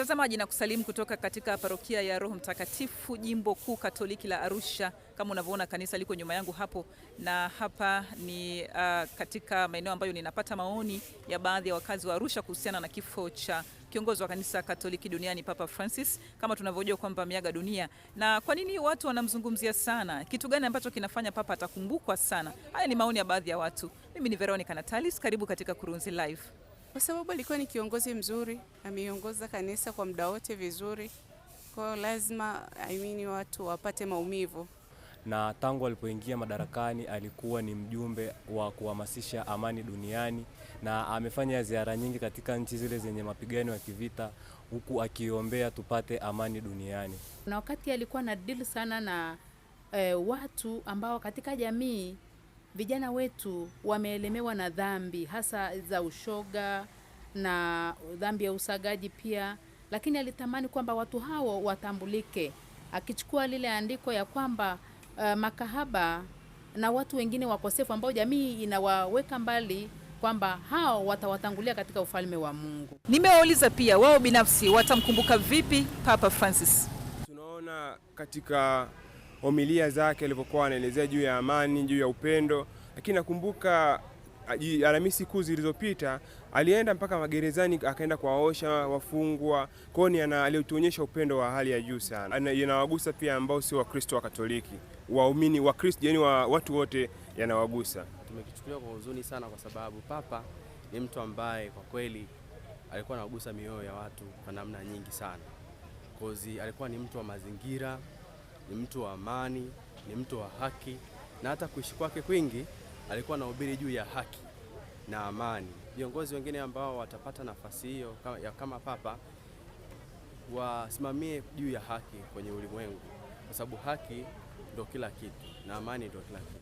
Mtazamaji na kusalimu kutoka katika parokia ya Roho Mtakatifu jimbo kuu Katoliki la Arusha. Kama unavyoona kanisa liko nyuma yangu hapo, na hapa ni uh, katika maeneo ambayo ninapata maoni ya baadhi ya wakazi wa Arusha kuhusiana na kifo cha kiongozi wa kanisa Katoliki duniani Papa Francis, kama tunavyojua kwamba miaga dunia. Na kwa nini watu wanamzungumzia sana? Kitu gani ambacho kinafanya Papa atakumbukwa sana? Haya ni maoni ya baadhi ya watu. Mimi ni Veronica Natalis, karibu katika Kurunzi Live kwa sababu alikuwa ni kiongozi mzuri, ameiongoza kanisa kwa muda wote vizuri. Kwa hiyo lazima I mean, watu wapate maumivu. Na tangu alipoingia madarakani alikuwa ni mjumbe wa kuhamasisha amani duniani na amefanya ziara nyingi katika nchi zile zenye mapigano ya kivita, huku akiombea tupate amani duniani. Na wakati alikuwa na deal sana na eh, watu ambao katika jamii vijana wetu wameelemewa na dhambi hasa za ushoga na dhambi ya usagaji pia, lakini alitamani kwamba watu hao watambulike, akichukua lile andiko ya kwamba uh, makahaba na watu wengine wakosefu ambao jamii inawaweka mbali kwamba hao watawatangulia katika ufalme wa Mungu. Nimewauliza pia wao binafsi watamkumbuka vipi Papa Francis. Tunaona katika homilia zake alivyokuwa anaelezea juu ya amani, juu ya upendo. Lakini nakumbuka ah, Alhamisi kuu zilizopita alienda mpaka magerezani akaenda kuwaosha wafungwa. koni hiyo alituonyesha upendo wa hali ya juu sana, yanawagusa pia ambao sio Wakristo wa Katoliki, waumini wa Kristo, yani wa watu wote yanawagusa. Tumekichukulia kwa huzuni sana, kwa sababu Papa ni mtu ambaye kwa kweli alikuwa anagusa mioyo ya watu kwa namna nyingi sana, kozi alikuwa ni mtu wa mazingira ni mtu wa amani, ni mtu wa haki, na hata kuishi kwake kwingi alikuwa anahubiri juu ya haki na amani. Viongozi wengine ambao watapata nafasi hiyo kama, kama papa wasimamie juu ya haki kwenye ulimwengu, kwa sababu haki ndio kila kitu na amani ndio kila kitu.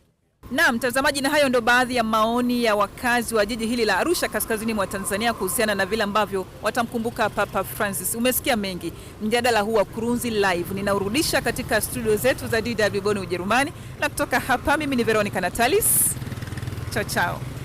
Na mtazamaji, na hayo ndo baadhi ya maoni ya wakazi wa jiji hili la Arusha kaskazini mwa Tanzania kuhusiana na vile ambavyo watamkumbuka Papa Francis. Umesikia mengi. Mjadala huu wa Kurunzi Live ninaurudisha katika studio zetu za DW Bonn Ujerumani, na kutoka hapa mimi ni Veronica Natalis. Chao chao.